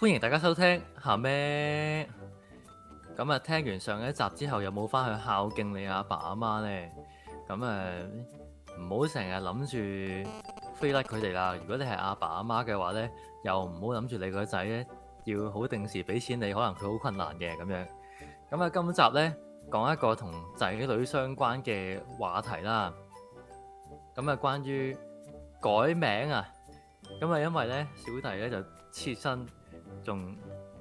歡迎大家收聽下咩咁啊！聽完上一集之後，有冇翻去孝敬你阿爸阿媽咧？咁啊，唔好成日諗住飛甩佢哋啦。如果你係阿爸阿媽嘅話咧，又唔好諗住你個仔咧要好定時俾錢你，可能佢好困難嘅咁樣。咁啊，今集咧講一個同仔女相關嘅話題啦。咁啊，關於改名啊，咁啊，因為咧小弟咧就切身。仲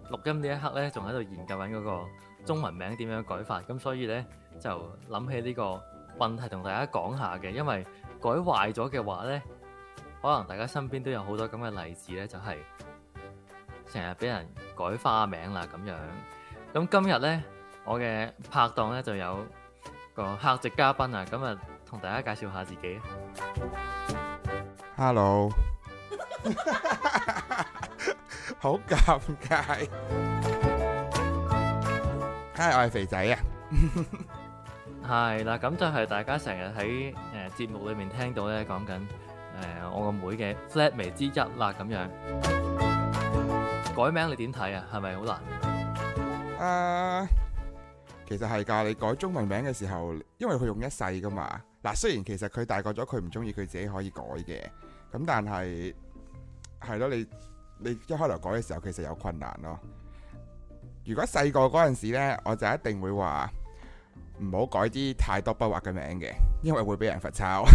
錄音呢一刻咧，仲喺度研究緊嗰個中文名點樣改法，咁所以咧就諗起呢個問題同大家講下嘅，因為改壞咗嘅話咧，可能大家身邊都有好多咁嘅例子咧，就係成日俾人改花名啦咁樣。咁今日咧，我嘅拍檔咧就有個客席嘉賓啊，咁啊同大家介紹下自己。Hello。好尷尬，嗨，我係肥仔啊，係啦，咁就係大家成日喺誒節目裏面聽到咧講緊誒我個妹嘅 flat 妹之一啦，咁樣改名你點睇啊？係咪好難？誒，其實係噶，你改中文名嘅時候，因為佢用一世噶嘛。嗱，雖然其實佢大個咗，佢唔中意，佢自己可以改嘅，咁但係係咯你。你一開頭改嘅時候，其實有困難咯。如果細個嗰陣時呢，我就一定會話唔好改啲太多筆畫嘅名嘅，因為會俾人罰抄。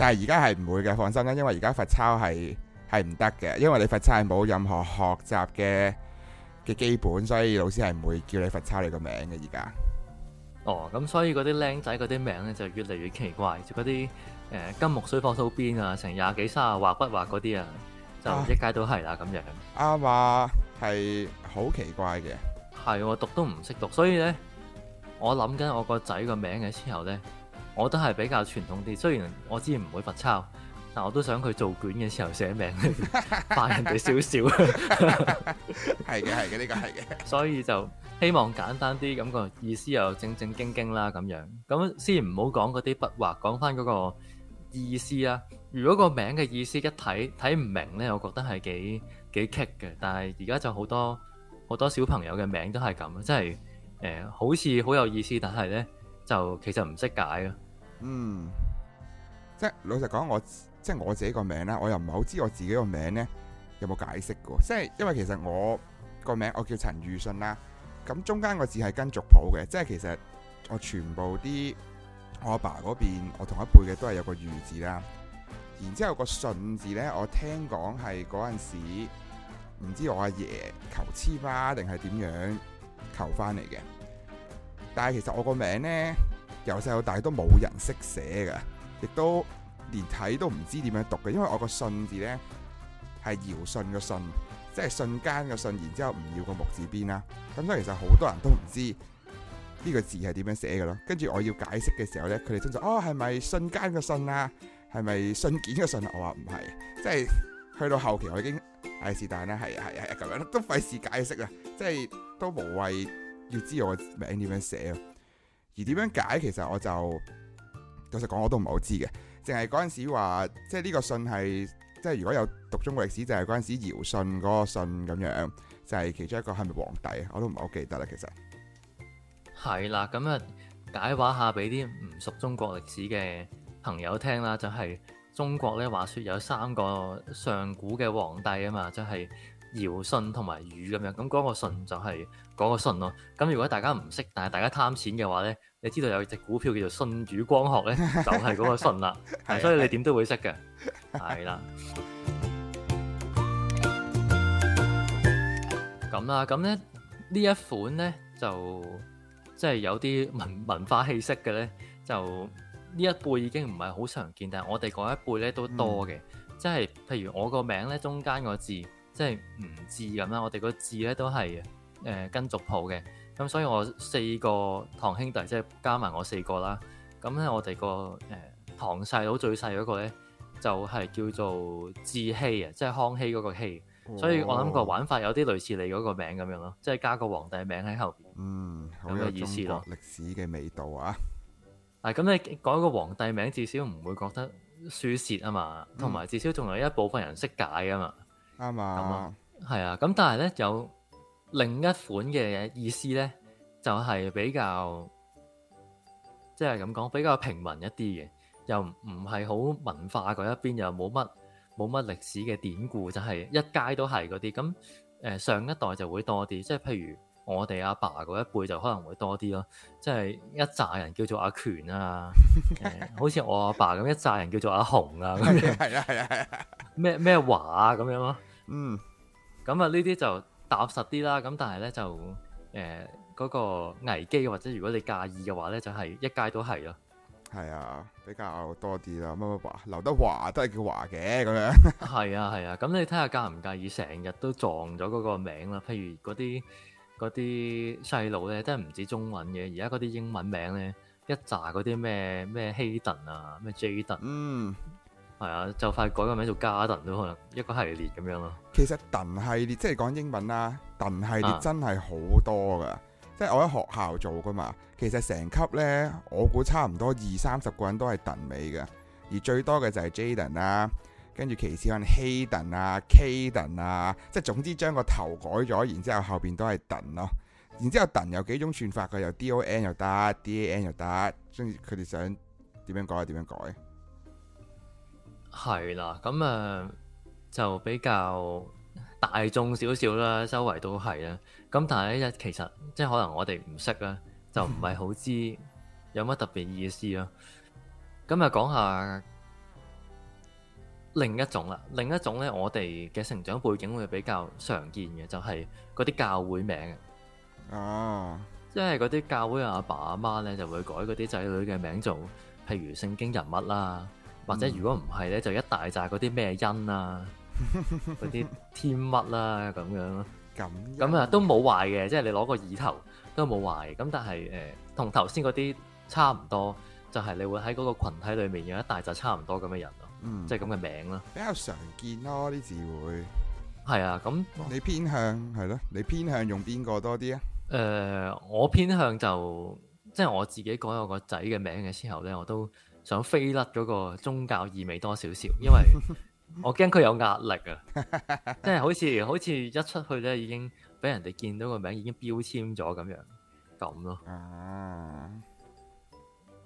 但係而家係唔會嘅，放心啦，因為而家罰抄係係唔得嘅，因為你罰抄係冇任何學習嘅嘅基本，所以老師係唔會叫你罰抄你個名嘅而家。哦，咁所以嗰啲僆仔嗰啲名呢就越嚟越奇怪，就嗰啲。誒，金木水火土邊啊，成廿幾卅畫筆畫嗰啲啊，就一街都係啦咁樣。啊話係好奇怪嘅，係我讀都唔識讀，所以咧我諗緊我個仔個名嘅時候咧，我都係比較傳統啲。雖然我之前唔會罰抄，但我都想佢做卷嘅時候寫名，快人哋少少。係嘅，係嘅，呢個係嘅。所以就希望簡單啲咁個意思又正正經經啦咁樣。咁先唔好講嗰啲筆畫，講翻嗰個。意思啊！如果個名嘅意思一睇睇唔明咧，我覺得係幾幾 kick 嘅。但係而家就好多好多小朋友嘅名都係咁，即係誒，好似好有意思，但係咧就其實唔識解啊。嗯，即係老實講，我即係我自己個名咧，我又唔係好知我自己個名咧有冇解釋嘅。即係因為其實我個名我叫陳裕信啦，咁中間個字係跟族譜嘅，即係其實我全部啲。我阿爸嗰邊，我同一輩嘅都係有個余字啦，然之後個信字呢，我聽講係嗰陣時，唔知我阿爺求黐花定係點樣求翻嚟嘅。但係其實我個名呢，由細到大都冇人識寫嘅，亦都連睇都唔知點樣讀嘅，因為我個信字呢，係堯舜個舜，即係瞬間個瞬，信信然之後唔要個木字邊啦。咁所以其實好多人都唔知。呢個字係點樣寫嘅咯？跟住我要解釋嘅時候呢，佢哋都就哦係咪信間嘅信啊？係咪信件嘅信啊？我話唔係，即係去到後期我已經唉、哎、是但、啊、啦，係啊係啊係咁樣，都費事解釋啦，即係都無謂要知我名點樣寫啊。而點樣解其實我就老實講我都唔係好知嘅，淨係嗰陣時話即係呢個信係即係如果有讀中國歷史就係嗰陣時堯舜嗰個信咁樣，就係、是、其中一個係咪皇帝我都唔係好記得啦，其實。係啦，咁啊解話下俾啲唔熟中國歷史嘅朋友聽啦，就係、是、中國咧，話說有三個上古嘅皇帝啊嘛，即係堯、舜同埋禹咁樣。咁嗰個舜就係嗰個舜咯。咁如果大家唔識，但係大家貪錢嘅話咧，你知道有隻股票叫做舜宇光學咧，就係、是、嗰個舜啦。 所以你點都會識嘅，係 啦。咁啦，咁咧呢一款咧就。即係有啲文文化氣息嘅咧，就呢一輩已經唔係好常見，但係我哋嗰一輩咧都多嘅。嗯、即係譬如我個名咧中間個字，即係唔字咁啦。我哋個字咧都係誒、呃、跟族譜嘅，咁所以我四個堂兄弟，即係加埋我四個啦。咁咧我哋、嗰個誒堂細佬最細嗰個咧，就係、係、叫做志希啊，即係康熙嗰個希。所以我諗個玩法有啲類似你嗰個名咁樣咯，即係加個皇帝名喺後邊，嗯，咁嘅意思咯，歷史嘅味道啊。嗱，咁你改個皇帝名，至少唔會覺得輸蝕啊嘛，同埋至少仲有一部分人識解啊嘛，啱啊，係啊。咁但係咧有另一款嘅意思咧，就係比較，即係咁講，比較平民一啲嘅，又唔係好文化嗰一邊，又冇乜。冇乜歷史嘅典故，就係、是、一街都係嗰啲咁。誒、呃、上一代就會多啲，即係譬如我哋阿爸嗰一輩就可能會多啲咯。即、就、係、是、一紮人叫做阿權啊， 呃、好似我阿爸咁一紮人叫做阿雄啊，咁啊係啊係啊！咩咩 話啊咁樣咯。嗯，咁啊呢啲就踏實啲啦。咁但係咧就誒嗰、呃那個危機或者如果你介意嘅話咧，就係、是、一街都係咯。係啊，比較多啲啦。乜乜華，劉德華都係叫華嘅咁樣。係啊係啊，咁、啊、你睇下介唔介意成日都撞咗嗰個名啦？譬如嗰啲嗰啲細路咧，都係唔止中文嘅。而家嗰啲英文名咧，一紮嗰啲咩咩希頓啊，咩 Jaden 嗯，係啊，就快改個名做加頓都可能一個系列咁樣咯。其實頓系列即係講英文啊，頓系列真係好多噶。啊即係我喺學校做噶嘛，其實成級呢，我估差唔多二三十個人都係鄧尾嘅，而最多嘅就係 Jaden 啦，跟住其次可能 Hayden 啊、Kaden 啊，即係總之將個頭改咗，然之後後邊都係鄧咯，然之後鄧有幾種串法，佢又 D O N 又得，D A N 又得，跟住佢哋想點樣改就點樣改。係啦，咁誒就比較大眾少少啦，周圍都係啦。咁但係呢一其實即係可能我哋唔識啊，就唔係好知有乜特別意思啊。咁就 講下另一種啦，另一種咧，我哋嘅成長背景會比較常見嘅，就係嗰啲教會名啊。哦，oh。即係嗰啲教會阿爸阿媽咧，就會改嗰啲仔女嘅名做譬如聖經人物啦，mm。或者如果唔係咧，就一大扎嗰啲咩恩啊，嗰啲 天物啦、啊、咁樣咯。咁咁啊，都冇壞嘅，即係你攞個意頭都冇壞嘅。咁但係誒，同頭先嗰啲差唔多，就係、是、你會喺嗰個群體裏面有一大紮、嗯、就差唔多咁嘅人咯，即係咁嘅名咯。比較常見咯，啲字會係啊。咁你偏向係咯、啊？你偏向用邊個多啲啊？誒、呃，我偏向就即係、就是、我自己改我個仔嘅名嘅時候呢，我都想飛甩咗個宗教意味多少少，因為。 我驚佢有壓力啊，即係好似好似一出去咧，已經俾人哋見到個名，已經標籤咗咁樣咁咯。嗯，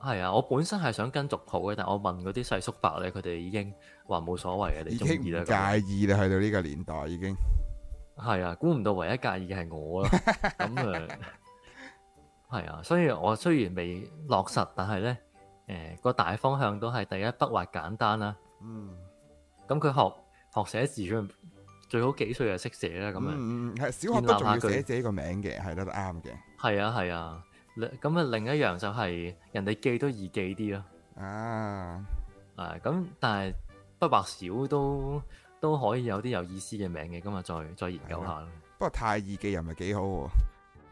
係啊。我本身係想跟族譜嘅，但我問嗰啲細叔伯咧，佢哋已經話冇所謂嘅，你中意啦。介意啦，去到呢個年代已經係啊，估唔到唯一介意嘅係我啦。咁啊，係啊，所以我雖然未落實，但係咧，誒個大方向都係第一筆畫簡單啦。嗯。咁佢學學寫字，最好幾歲就識寫啦。咁樣、嗯，嗯係小學都仲要寫自己個名嘅。係啦，都啱嘅。係啊係啊，咁啊另一樣就係人哋記都易記啲咯。啊，係咁，但係筆畫少都都可以有啲有意思嘅名嘅，咁日再再研究下咯。不過太易記又唔係幾好，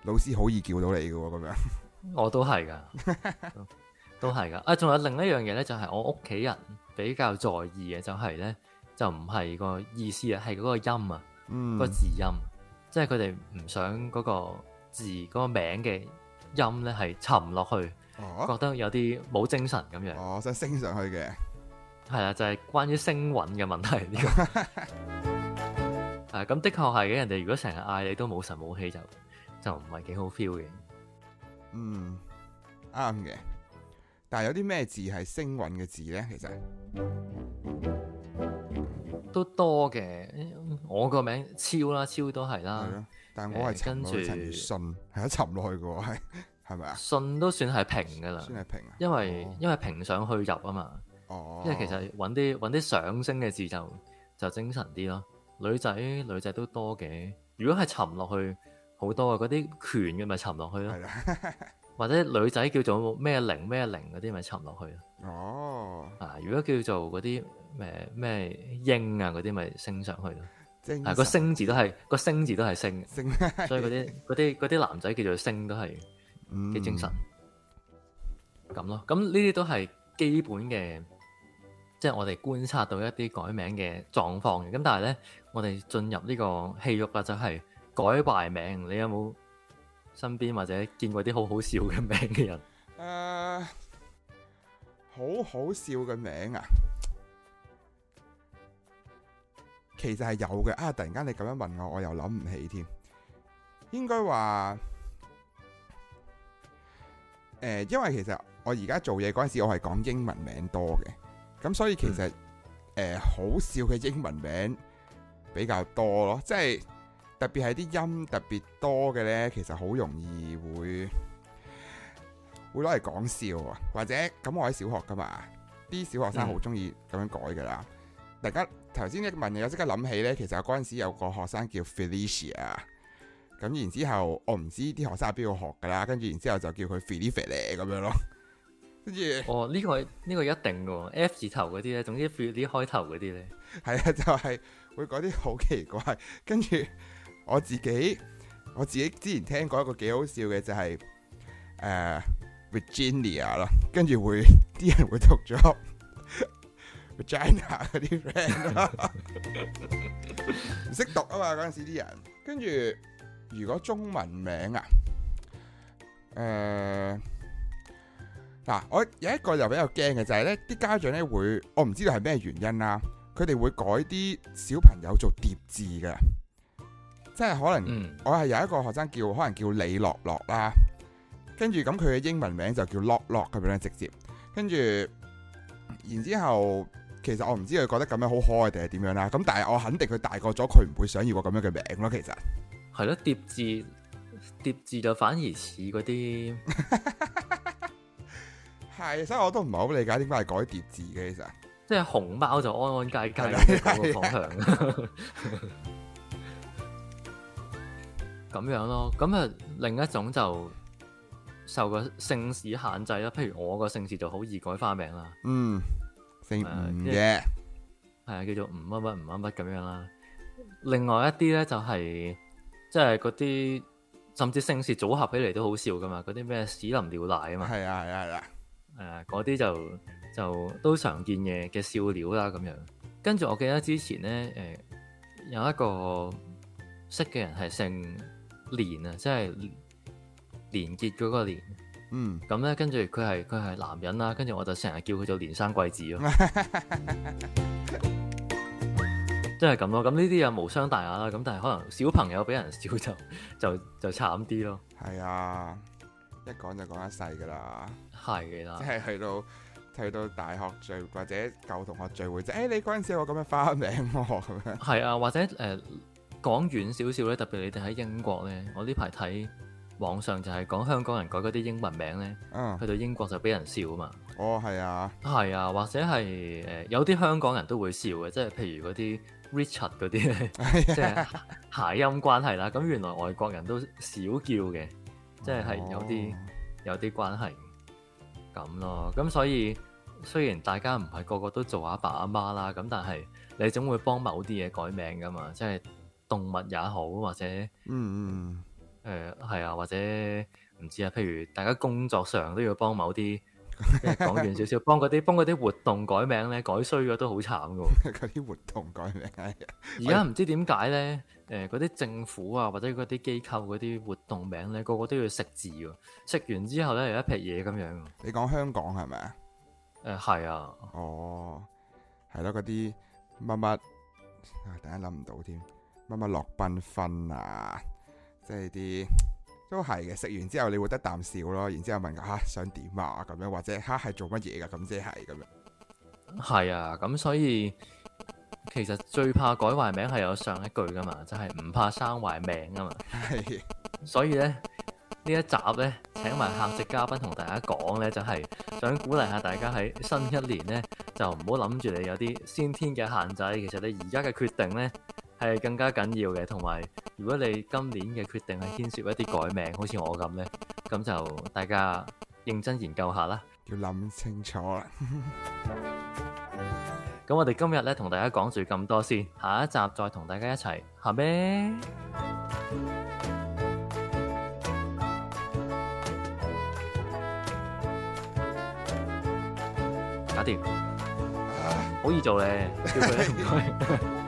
老師好易叫到你嘅咁樣。我都係噶， 都係噶。啊，仲有另一樣嘢咧，就係我屋企人比較在意嘅，就係咧。就唔係個意思啊，係嗰個音啊，個字音，嗯、即係佢哋唔想嗰個字嗰、嗰個名嘅音咧係沉落去，哦、覺得有啲冇精神咁樣、哦。我想升上去嘅，係啦， 就係、是、關於聲韻嘅問題。誒、 啊，咁的確係嘅，人哋如果成日嗌你都冇神冇氣，就就唔係幾好 feel 嘅。嗯，啱嘅。但係有啲咩字係聲韻嘅字咧？其實。都多嘅，我個名超啦，超都係啦。但係我係、呃、跟住着信，陳係一沉落去嘅，係係咪啊？信都算係平噶啦，算係平啊。因為、哦、因為平上去入啊嘛，哦、因為其實揾啲揾啲上升嘅字就就精神啲咯。女仔女仔都多嘅，如果係沉落去好多啊，嗰啲權嘅咪沉落去咯，是的 或者女仔叫做咩零咩零嗰啲咪沉落去咯。哦，啊，如果叫做嗰啲。咩咩英啊嗰啲咪升上去咯。係個升字，都係個升字，都係升，所以嗰啲嗰啲嗰啲男仔叫做升都係嘅精神咁咯。咁呢啲都係基本嘅，即係我哋觀察到一啲改名嘅狀況嘅。咁但係咧，我哋進入呢個戲肉啊，就係改壞名。你有冇身邊或者見過啲好好笑嘅名嘅人？誒，好好笑嘅名啊！其實係有嘅啊！突然間你咁樣問我，我又諗唔起添。應該話誒，因為其實我而家做嘢嗰陣時，我係講英文名多嘅，咁所以其實誒好笑嘅英文名比較多咯。即係特別係啲音特別多嘅呢，其實好容易會會攞嚟講笑啊！或者咁，我喺小學噶嘛，啲小學生好中意咁樣改噶啦，大家。頭先一問嘢，我即刻諗起咧，其實嗰陣時有個學生叫 Felicia，咁然後之後我唔知啲學生邊度學噶啦，跟住然之後就叫佢 Felicia 咁樣咯，跟住哦呢、呢個呢、呢個一定嘅，F 字頭嗰啲咧，總之 Felicia 開頭嗰啲咧，係啊就係、係、會嗰啲好奇怪，跟住我自己我自己之前聽過一個幾好笑嘅就係、係、誒、呃、Virginia 啦，跟住會啲人會讀咗。Vagina 嗰啲 friend 唔識讀啊嘛嗰陣時啲人，跟住如果中文名、呃、啊，誒嗱，我有一個又比較驚嘅就係、是、咧，啲家長咧會，我唔知道係咩原因啦，佢哋會改啲小朋友做疊字嘅，即係可能、嗯、我係有一個學生叫可能叫李樂樂啦，跟住咁佢嘅英文名就叫樂樂咁樣直接，跟住然之後。其實我唔知佢覺得咁樣好可愛定係點樣啦，咁但係我肯定佢大個咗，佢唔會想要個咁樣嘅名咯。其實係咯，疊字疊字就反而似嗰啲，係 所以我都唔係好理解點解係改疊字嘅其實。即係熊貓就安安佳佳嘅方向，咁 樣咯。咁啊，另一種就受個姓氏限制啦。譬如我個姓氏就好易改花名啦。嗯。係、uh, 叫啊，叫做唔乜乜唔乜乜咁樣啦。另外一啲咧就係、是，即係嗰啲甚至姓氏組合起嚟都好笑噶嘛。嗰啲咩屎林鳥奶啊嘛，係啊係啊係啊，誒嗰啲就就都常見嘅嘅笑料啦咁樣。跟住我記得之前咧，誒、呃、有一個識嘅人係姓連啊，即係連接咗個連。嗯，咁咧，跟住佢係佢係男人啦，跟住我就成日叫佢做連生貴子咯，真係咁咯。咁呢啲又無傷大雅啦，咁但係可能小朋友俾人笑就就就慘啲咯。係啊，一講就講一世噶啦，係啦的，即係去到去到大學聚或者舊同學聚會就誒、是欸，你嗰陣時有個咁嘅花名喎、啊，咁係啊，或者誒講遠少少咧，特別你哋喺英國咧，我呢排睇。網上就係講香港人改嗰啲英文名咧，uh, 去到英國就俾人笑啊嘛。哦，係啊，係啊，或者係誒、呃，有啲香港人都會笑嘅，即係譬如嗰啲 Richard 嗰啲 即係諧音關係啦。咁原來外國人都少叫嘅，oh. 即係係有啲有啲關係咁咯。咁所以雖然大家唔係個個都做阿爸阿媽，媽啦，咁但係你總會幫某啲嘢改名㗎嘛，即係動物也好，或者嗯嗯。Mm. 誒，係、呃、啊，或者唔知啊，譬如大家工作上都要幫某啲講 完少少，幫嗰啲幫啲活動改名咧，改衰咗都好慘噶。嗰啲 活動改名，而家唔知點解咧？誒、呃，嗰啲政府啊，或者嗰啲機構嗰啲活動名咧，個個都要食字噶，食完之後咧有一撇嘢咁樣。你講香港係咪、呃啊，哦、啊？誒，係啊。哦，係咯，嗰啲乜乜，啊，等下諗唔到添，乜乜落繽紛啊！即係啲都係嘅，食完之後你會得啖笑咯。然之後問下、啊「想點啊咁樣，或者嚇係、啊、做乜嘢噶咁即係咁樣。係啊，咁所以其實最怕改壞名係有上一句噶嘛，就係、是、唔怕生壞命」啊嘛。 所以呢，呢一集呢，請埋客席嘉賓同大家講呢，就係、是、想鼓勵下大家喺新一年呢，就唔好諗住你有啲先天嘅限制，其實你而家嘅決定呢。係更加緊要嘅，同埋如果你今年嘅決定係牽涉一啲改名，好似我咁咧，咁就大家認真研究下啦，要諗清楚。咁我哋今日咧同大家講住咁多先，下一集再同大家一齊，係咩？搞掂，好易做呢。